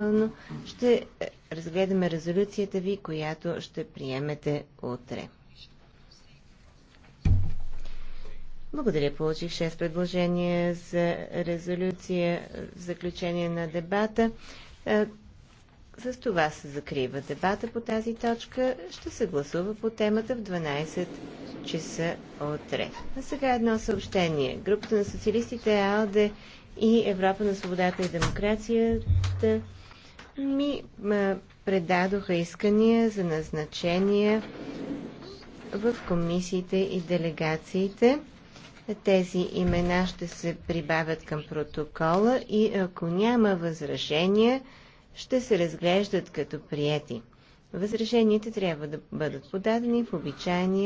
внимателно ще е, разгледаме резолюцията ви, която ще приемете утре. Благодаря. Получих 6 предложения за резолюция в заключение на дебата. Е, с това се закрива дебата по тази точка. Ще се гласува по темата в 12 часа утре. А сега едно съобщение. Групата на социалистите АЛДЕ и Европа на свободата и демокрацията ми предадоха искания за назначения в комисиите и делегациите. Тези имена ще се прибавят към протокола и ако няма възражения, ще се разглеждат като прияти. Възраженията трябва да бъдат подадени в обичайния